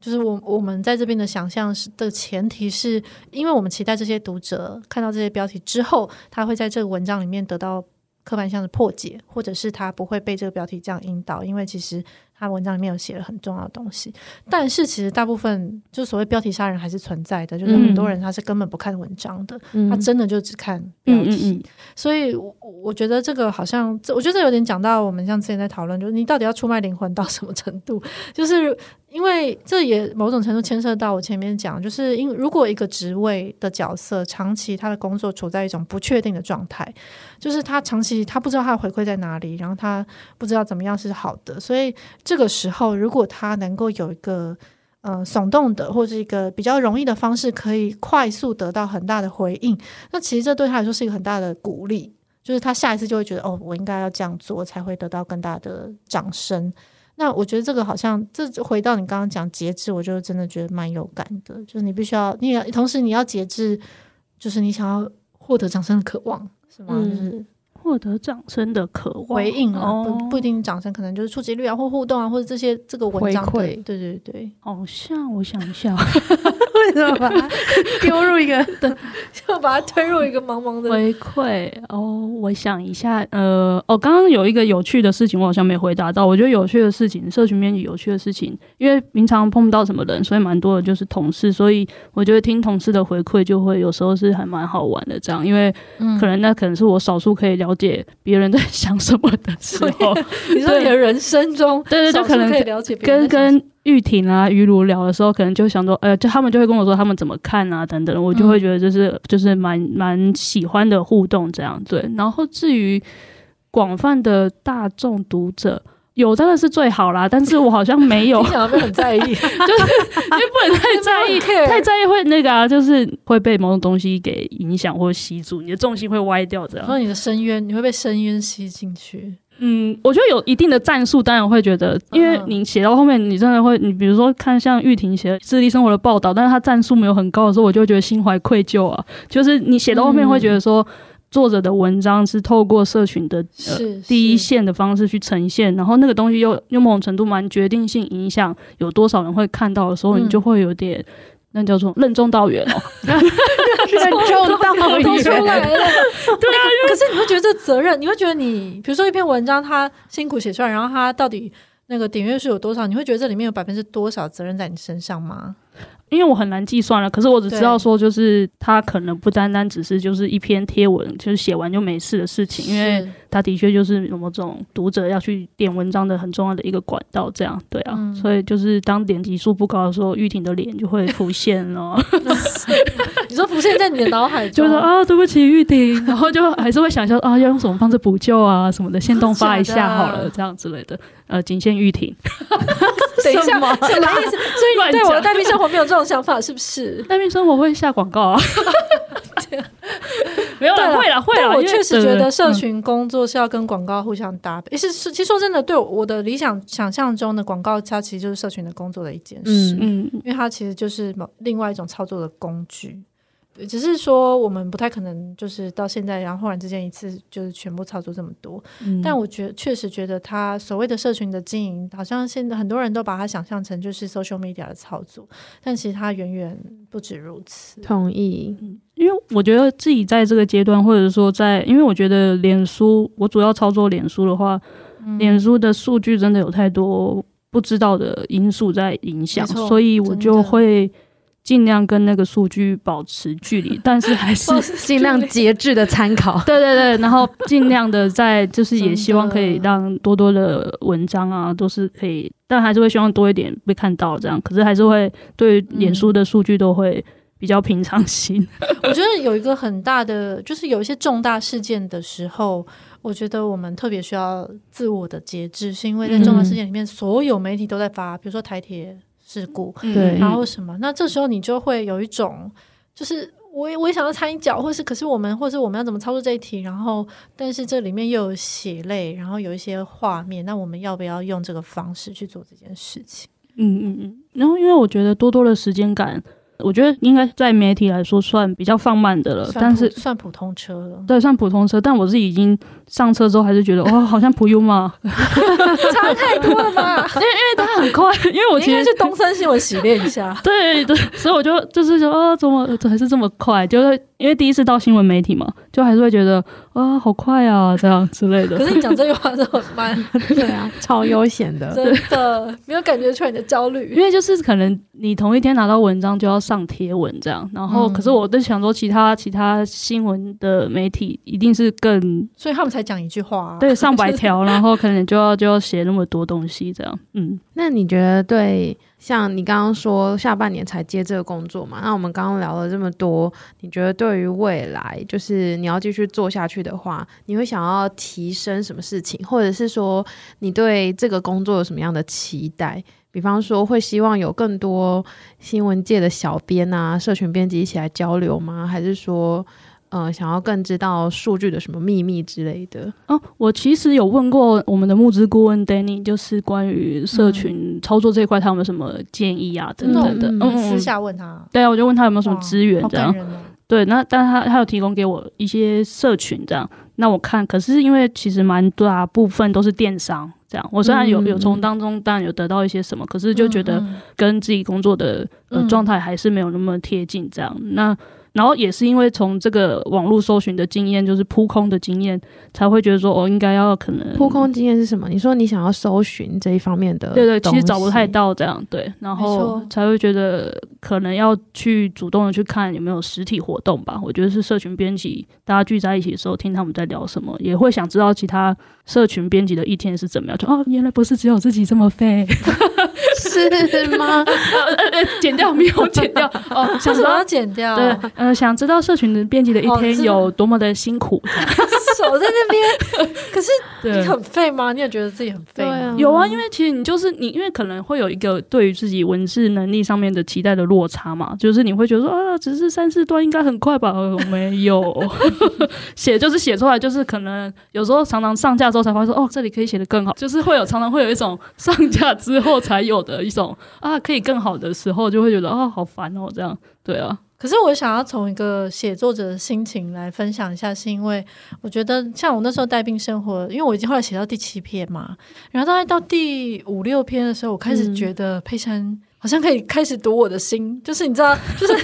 就是我我們在這邊的想象是的前提是，因為我們期待這些讀者看到這些標題之後，他會在這個文章裡面得到刻板印象的破解，或者是他不會被這個標題這樣引導，因為其實。他文章裡面有寫了很重要的東西，但是其實大部分就所謂標題殺人還是存在的、嗯，就是很多人他是根本不看文章的，嗯、他真的就只看標題，嗯、所以我，我覺得這個好像，我覺得這有點講到我們像之前在討論，就是你到底要出賣靈魂到什麼程度？就是因為這也某種程度牽涉到我前面講，就是因為如果一個職位的角色長期他的工作處在一種不確定的狀態，就是他長期他不知道他的回饋在哪裡，然後他不知道怎麼樣是好的，所以。這個時候，如果他能夠有一個呃聳動的，或者是一個比較容易的方式，可以快速得到很大的回應，那其實這對他來說是一個很大的鼓勵。就是他下一次就會覺得，哦，我應該要這樣做，才會得到更大的掌聲。那我覺得這個好像，這回到你剛剛講節制，我就真的覺得蠻有感的。就是你必須要，你要同時你要節制，就是你想要獲得掌聲的渴望，
是嗎？就是、嗯……獲得掌聲的渴望回應、啊、哦不，
不一定掌聲，可能就是觸及率啊，或互動啊，或者這些這個文章。回
饋。
對對對對，好像我想一下。 為什麼把它丟入一個？ 就把它推入一個茫茫的回饋哦。我想一下，呃，哦，剛剛有一個有趣的事情，我好像沒回答到。我覺得有趣的事情，社群編輯有趣的事情，因為平常碰不到什麼人，所以蠻多的，就是同事。所以我覺得聽同事的回饋，就會有時候是還蠻好玩的。這樣，因為可能那可能是我少數可以了解別人在想什麼的時
候。嗯、 你說你的人生中，
對對，就可能可以了解跟跟。 玉婷啊，雨茹聊的時候，可能就想說，呃，就他們就會跟我說他們怎麼看啊，等等，我就會覺得就是、嗯、就是蠻蠻喜歡的互動這樣對。然後至於廣泛的大眾讀者，有真的是最好啦，但是我好像沒有，沒想到會很在意，就是就不能太在意，太在意會那個，啊，就是會被某種東西給影響或吸住，你的重心會歪掉這樣。說你
的深淵，你會被深淵吸進去。
嗯，我覺得有一定的戰術，當然我會覺得，因為你寫到後面，你真的會，你比如說看像玉婷寫自立生活的報道，但是她戰術沒有很高的時候，我就會覺得心懷愧疚啊。就是你寫到後面會覺得說、嗯，作者的文章是透過社群的、呃、第一線的方式去呈現，然後那個東西又又某種程度蠻決定性影響有多少人會看到的時候，你就會有點。嗯那叫做任重道遠哦，哈哈
哈哈哈，出來了，
對。可是你會
覺得這責任，你會覺得你，比如說一篇文章，它辛苦寫出來，然後它到底那個點閱數有多少，你會覺得這裡面有百分之多少責任在你身上嗎？
因為我很難計算了，可是我只知道說，就是它可能不單單只是就是一篇貼文，就是寫完就沒事的事情，因為。他的確就是某某這種讀者要去點文章的很重要的一個管道，這樣對啊、嗯，所以就是當點擊數不高的時候，玉婷的臉就會浮現哦。 你說浮現在你的腦海中，啊，就是啊，對不起，玉婷， 然後就還是會想象啊，要用什麼方式補救啊什麼的，先動發一下好了， 啊，這樣之類的。呃，僅限玉婷。
等一下 什麼意思？所以你對我的待命生活
沒有這種想法 是不是？待命生活會下廣告、啊。 沒有，會了會了，會我確實覺得社
群工作是要跟廣告互相搭配。是、嗯、欸、是，其實說真的，對我，我的理想想象中的廣告，它其實就是社群的工作的一件事。嗯，嗯，因為它其實就是另外一種操作的工具。只是說我們不太可能就是到現在，然後忽然之間一次就是全部操作這麼多。嗯、但我覺確實覺得，他所謂的社群的經營，好像現在很多人都把它想象成就是 social media 的操作，但其實它遠遠
不止如此。同意。嗯
因為我覺得自己在這個階段，或者說在，因為我覺得臉書，我主要操作臉書的話，嗯、臉書的數據真的有太多不知道的因素在影響，所以我就會儘量跟那個數據保持距離，但是還是儘量節制的參考。 對對對，然後儘量的在，就是也希望可以讓多多的文章啊，都是可以，但還是會希望多一點被看到，這樣、嗯。可是還是會對臉書的數據都會。比較平常心 ，
我覺得有一個很大的，就是有一些重大事件的時候，我覺得我們特別需要自我的節制，是因為在重大事件裡面，所有媒體都在發，嗯、比如說台鐵事故、嗯，對，然後什麼，那這時候你就會有一種，就是我我也想要插一腳，或是，可是我們，或者是我們要怎麼操作這一題，然後，但是這裡面又有血淚，然後有一些畫面，那我們要不要用這個方式去做這件事情？嗯
嗯嗯，然後因為我覺得多多的時間感。我覺得應該在媒體來說算比較放慢的了，但是
算普通車了。
對，算普通車，但我是已經上車之後還是覺得，哇、 哦，好像普悠瑪差太多了吧？ 因為，因為都很快，因為我今天是東森新聞洗練一下。 對對，所以我就就是說，啊、哦，怎麼還是這麼快？就是因為第一次到新聞媒體嘛，就還是會覺得。啊，好快啊，這樣之類的。可是你講這
句話是很慢， 對啊，超悠閒的，
真的沒有感覺出來你的焦慮。 因為
就是可能你同一天拿到文章就要上貼文這樣，然後可是我在想說其、嗯，其他其他新聞的媒體一定是更，
所以他們才講一句話、啊，對，上百條，就
是、然後可能就要就要寫那麼多東西這樣，
嗯。那你覺得對？像你剛剛說下半年才接這個工作嘛，那我們剛剛聊了這麼多，你覺得對於未來，就是你要繼續做下去的話，你會想要提升什麼事情？或者是說你對這個工作有什麼樣的期待？比方說，會希望有更多新聞界的小編啊、社群編輯一起來交流嗎？還是說，呃，想要更知道數據的什麼秘密之類的
哦，我其實有問過我們的募資顧問 Danny，就是關於社群操作這一塊，他有沒有什麼建議啊等等、嗯、的？嗯嗯，私下問他。嗯嗯、對啊，我就問他有沒有什麼資源、哦、這樣。對，那但他他有提供給我一些社群這樣。那我看，可是因為其實蠻大部分都是電商這樣。我雖然有、嗯、有從當中當然有得到一些什麼，可是就覺得跟自己工作的狀態、嗯嗯呃、還是沒有那麼貼近這樣。那。然後也是因為從這個網絡搜尋的經驗，就是撲空的經驗，才會覺得說，哦，應該要可能
撲空經驗是什麼？你說你想要搜尋這一方面的？對對，其實找不太到這樣，對，然後
才會覺得可能要去主動的去看有沒有實體活動吧。我覺得是社群編輯，大家聚在一起的時候，聽他們在聊什麼，也會想知道其他社群編輯的一天是怎麼樣。就哦，原來不是只有自己這麼廢。 是嗎？ 呃呃、剪掉沒有剪掉 哦，想說要剪掉。對，嗯、呃，想知道社群的編輯的一天有多麼的辛苦，守、哦、
在那邊。可是你很廢嗎？你也覺得自己很廢啊？有啊，
因為其實你就是你，因為可能會有一個對於自己文字能力上面的期待的落差嘛，就是你會覺得說啊，只是三四段應該很快吧？哦、沒有， 寫就是寫出來，就是可能有時候常常上架之後才發現說哦，這裡可以寫得更好，就是會有常常會有一種上架之後才有。的一種啊，可以更好的時候，就會覺得啊，好煩哦，這樣對啊。
可是我想要從一個寫作者的心情來分享一下，是因為我覺得像我那時候帶病生活，因為我已經後來寫到第七篇嘛，然後大概到第五六篇的時候，我開始覺得、嗯、佩珊好像可以開始讀我的心，就是你知道，就是 你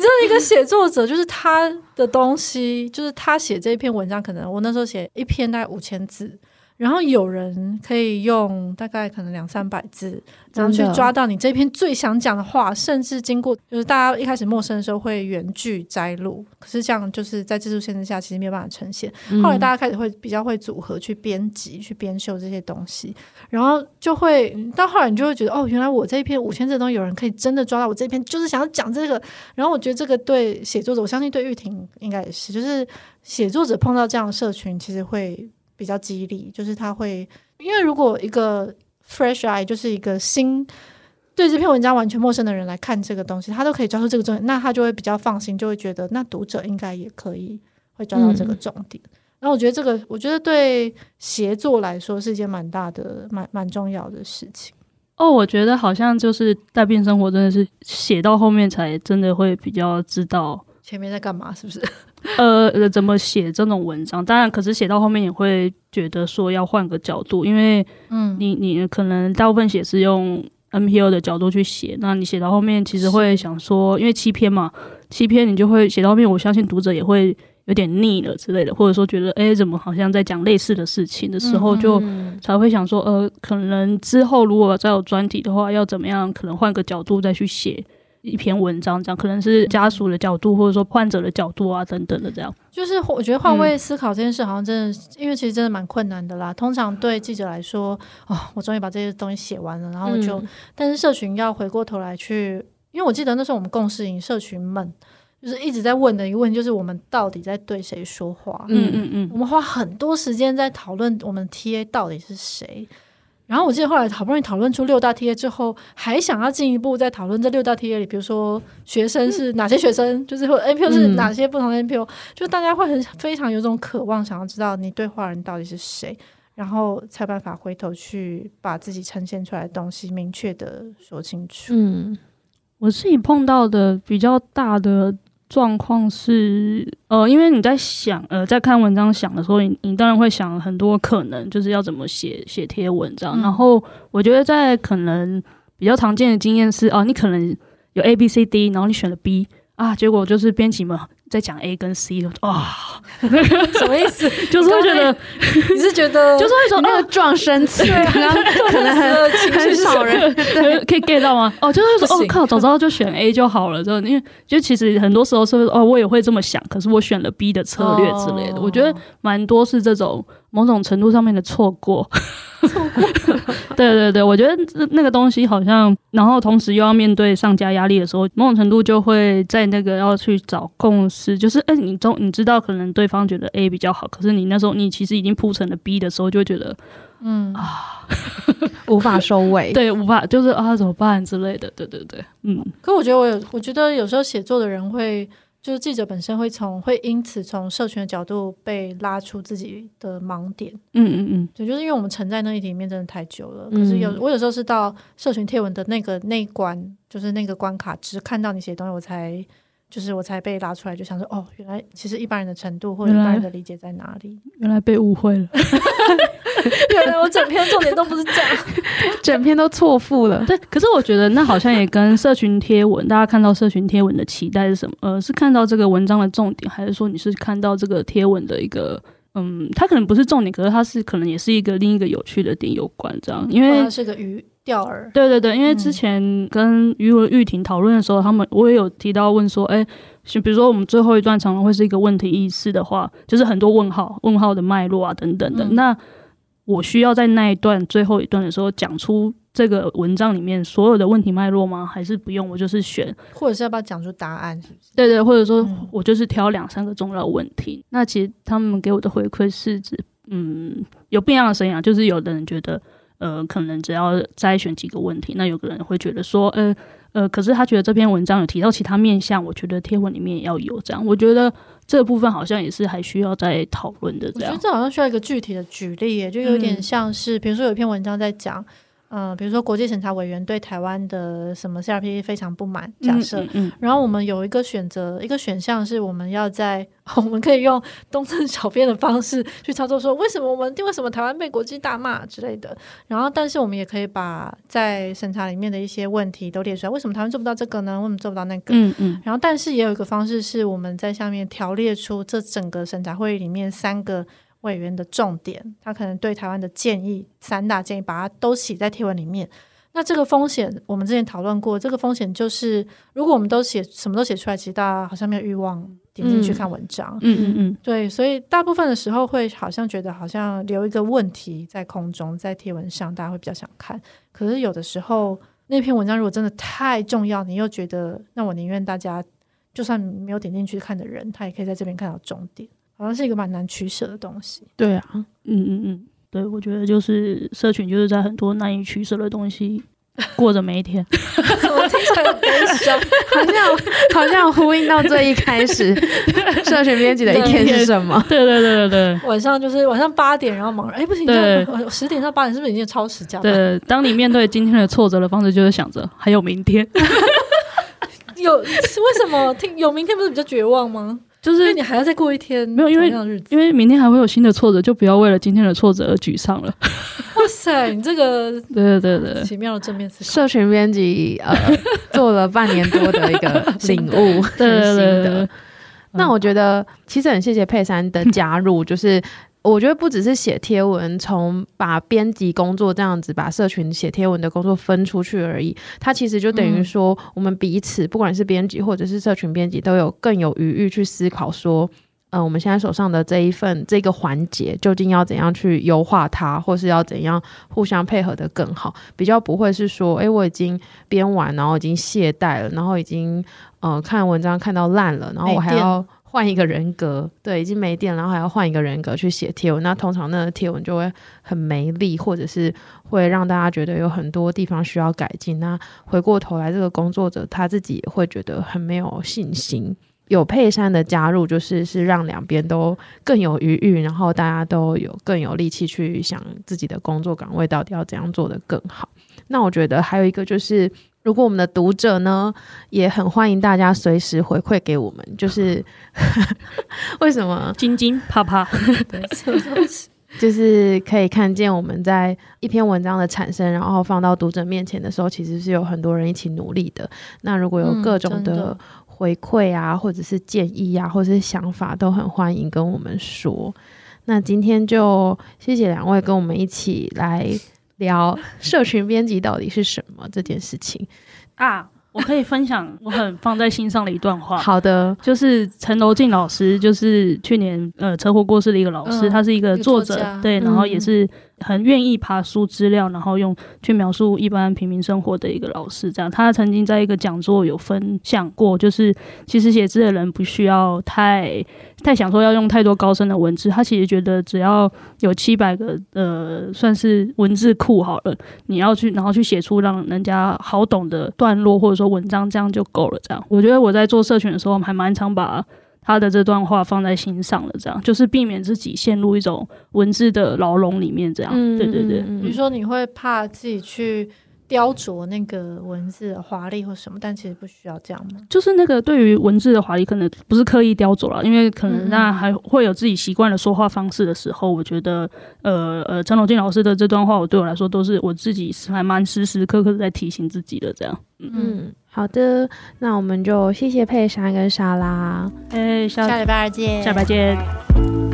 知道一個寫作者，就是他的東西，就是他寫這一篇文章，可能我那時候寫一篇大概五千字。然後有人可以用大概可能兩三百字，然後去抓到你這篇最想講的話，的甚至經過就是大家一開始陌生的時候會原句摘錄，可是這樣就是在字數限制下其實沒有辦法呈現。嗯、後來大家開始會比較會組合去編輯、去編修這些東西，然後就會到後來你就會覺得哦，原來我這一篇五千字的東西有人可以真的抓到我這篇，就是想要講這個。然後我覺得這個對寫作者，我相信對玉婷應該也是，就是寫作者碰到這樣的社群，其實會。比較激勵，就是他會，因為如果一個 fresh eye，就是一個新對這篇文章完全陌生的人來看這個東西，他都可以抓住這個重點，那他就會比較放心，就會覺得那讀者應該也可以會抓到這個重點。嗯、然後我覺得這個，我覺得對協作來說是一件蠻大的、蠻蠻重要的事情。
哦，我覺得好像就是大病生活，真的是寫到後面才真的會比較知道
前面在幹嘛，是不是？
呃，怎麼寫這種文章？當然，可是寫到後面也會覺得說要換個角度，因為嗯，你你可能大部分寫是用 NPO 的角度去寫，那你寫到後面其實會想說，因為七篇嘛，七篇你就會寫到後面，我相信讀者也會有點膩了之類的，或者說覺得欸，怎麼好像在講類似的事情的時候，就才會想說，呃，可能之後如果再有專題的話，要怎麼樣？可能換個角度再去寫。一篇文章這樣，可能是家屬的角度，或者說患者的角度啊，等等的這樣。
就是我覺得換位思考這件事，好像真的、嗯，因為其實真的蠻困難的啦。通常對記者來說，哦，我終於把這些東西寫完了，然後就、嗯，但是社群要回過頭來去，因為我記得那時候我們共識營社群們，就是一直在問的一個問題，就是我們到底在對誰說話？嗯嗯嗯，我們花很多時間在討論我們 TA 到底是誰。然後我記得後來好不容易討論出六大 TA 之後，還想要進一步再討論這六大 TA 裡，比如說學生是哪些學生，嗯、就是或 N P O 是哪些不同的 N P O、嗯、就大家會很非常有種渴望，想要知道你對話人到底是誰，然後才辦法回頭去把自己呈現出來的東西明確的說清楚。嗯，
我自己碰到的比較大的。狀況是呃，因為你在想呃，在看文章想的時候，你你當然會想很多可能，就是要怎麼寫寫貼文章，嗯。然後我覺得在可能比較常見的經驗是啊、呃，你可能有 A B C D，然後你選了 B 啊，結果就是編輯嘛。在講 A 跟 C 的、哦、哇，什麼意思？ 就是，會覺 是覺得你是覺得就是那種那個撞生詞，剛剛可能很， 很，很少人可以 get 到嗎？哦，就是會說，哦靠，早知道就選 A 就好了，就因為就其實很多時候是哦，我也會這麼想，可是我選了 B 的策略之類的，哦、我覺得蠻多是這種某種程度上面的錯過，錯過。 對對對，我覺得那個東西好像，然後同時又要面對上家壓力的時候，某種程度就會在那個要去找共識，就是哎，你知你知道可能對方覺得 A 比較好，可是你那時候你其實已經鋪成了 B 的時候，就會覺得嗯啊無法收尾，對，無法就是啊怎麼辦之類的，對對對，嗯。可我覺得我有，我覺得有時候
寫作的人會。就是記者本身會從會因此從社群的角度被拉出自己的盲點，嗯嗯嗯，對，就是因為我們沉在那一題裡面真的太久了。嗯、可是有我有時候是到社群貼文的那個那一關，就是那個關卡，只是看到你寫東西我才。就是我才被拉出來，就想說哦，原來其實一般人的程度或一般人的理解在哪裡？原
來，原來被誤會了 原來我整篇重點都不是這樣， 整篇都錯付了。 對，可是我覺得那好像也跟社群貼文， 大家看到社群貼文的期待是什麼？呃，是看到這個文章的重點，還是說你是看到這個貼文的一個？嗯，它可能不是重點，可是它是可能也是一個另一個有趣的點有關這樣，因為、嗯哦，他是個魚釣餌。對對對，因為之前跟於玉婷討論的時候，嗯，他們我也有提到問說，哎，欸，比如說我們最後一段常常會是一個問題意識的話，就是很多問號、問號的脈絡啊等等的，嗯。那我需要在那一段最後一段的時候講出。這個文章裡面所有的問題脈絡嗎？還是不用？我就是選，
或者是要不要講出答
案是不是？對對，或者說我就是挑兩三個重要問題。嗯、那其實他們給我的回饋是指，嗯，有不一樣的聲音，就是有的人覺得，呃，可能只要再選幾個問題。那有的人會覺得說，呃呃，可是他覺得這篇文章有提到其他面向，我覺得貼文裡面也要有這樣。我覺得這個部分好像也是還需要再討論的。這樣，我覺得
這好像需要一個具體的舉例，就有點像是、嗯，比如說有一篇文章在講。嗯，比如說國際審查委員對台灣的什麼 CRP 非常不滿，嗯、假設、嗯嗯，然後我們有一個選擇，一個選項是我們要在我們可以用東正小編的方式去操作，說為什麼我們為什麼台灣被國際大罵之類的，然後但是我們也可以把在審查裡面的一些問題都列出來，為什麼台灣做不到這個呢？為什麼做不到那個？嗯嗯、然後，但是也有一個方式是我們在下面條列出這整個審查會議裡面三個。委員的重點，他可能對台灣的建議，三大建議，把它都寫在貼文裡面。那這個風險，我們之前討論過，這個風險就是，如果我們都寫什麼都寫出來，其實大家好像沒有欲望點進去看文章嗯。嗯嗯嗯，對，所以大部分的時候會好像覺得好像留一個問題在空中，在貼文上，大家會比較想看。可是有的時候，那篇文章如果真的太重要，你又覺得，那我寧願大家就算沒有點進去看的人，他也可以在這邊看到重點。好像是一個蠻難取捨的東西。
對啊，嗯嗯嗯，對，我覺得就是社群就是在很多難以取捨的東西過着每一天。我聽起來有點像，好像好像呼應到最一開始 社群編輯的一天是什麼？對對對對對。對對對
晚上就是晚上八點，然後忙，哎不行，對，十點到八點是不是已經超時加了？對，
當你面對今天的挫折的方式，就是想着還有明天。
有是為什麼？聽有明天不是比較絕望嗎？就是因為你還要再過一天，沒有
因為因為明天還會有新的挫折，就不要為了今天的挫折而沮喪了。
哇塞，你這個對對對，奇妙的正面思
考 對對
對對社群編輯，呃， 做了半年多的一個領悟。 是新的 對，對對對，那我覺得，嗯，其實很謝謝佩珊的加入， 就是。我覺得不只是寫貼文，從把編輯工作這樣子把社群寫貼文的工作分出去而已，它其實就等於說、嗯，我們彼此不管是編輯或者是社群編輯，都有更有餘裕去思考說，呃，我們現在手上的這一份這個環節究竟要怎樣去優化它，或是要怎樣互相配合得更好，比較不會是說，誒、欸，我已經編完，然後已經懈怠了，然後已經嗯、呃、看文章看到爛了，然後我還要。換一個人格，對，已經沒電，然後還要換一個人格去寫貼文，那通常那個貼文就會很沒力，或者是會讓大家覺得有很多地方需要改進。那回過頭來，這個工作者他自己也會覺得很沒有信心。有佩珊的加入，就是是讓兩邊都更有餘裕，然後大家都有更有力氣去想自己的工作崗位到底要怎樣做得更好。那我覺得還有一個就是。如果我們的讀者呢，也很歡迎大家隨時回饋給我們，就是
為什麼？晶晶、啪啪， 對，就
是 就是可以看見我們在一篇文章的產生，然後放到讀者面前的時候，其實是有很多人一起努力的。那如果有各種的回饋啊、嗯，或者是建議啊，或者是想法，都很歡迎跟我們說。那今天就謝謝兩位跟我們一起來聊社群編輯到底是什麼這件事情
啊，我可以分享 我很放在心上的一段話。 好的，就是陳柔縉老師，就是去年呃車禍過世的一個老師，嗯、他是一個作者、嗯，對，然後也是很願意爬書資料、嗯，然後用去描述一般平民生活的一個老師。這樣，他曾經在一個講座有分享過，就是其實寫字的人不需要太。太想說要用太多高深的文字，他其實覺得只要有七百個呃，算是文字庫好了。你要去，然後去寫出讓人家好懂的段落或者說文章，這樣就夠了。這樣，我覺得我在做社群的時候，我們還蠻常把他的這段話放在心上的，這樣就是避免自己陷入一種文字的牢籠裡面。這樣，嗯，對對對。嗯，比如說，
你會怕自己去。雕琢那個文字的華麗或什麼，但其實不需要這樣嘛。
就是那個對於文字的華麗，可能不是刻意雕琢了，因為可能那還會有自己習慣的說話方式的時候。嗯、我覺得，呃呃，陳龍進老師的這段話，我對我來說都是我自己還蠻時
時刻刻在提醒自己的這樣。嗯，嗯好的，那我們就謝謝佩珊跟莎拉。哎、欸，下禮拜見。下禮拜見。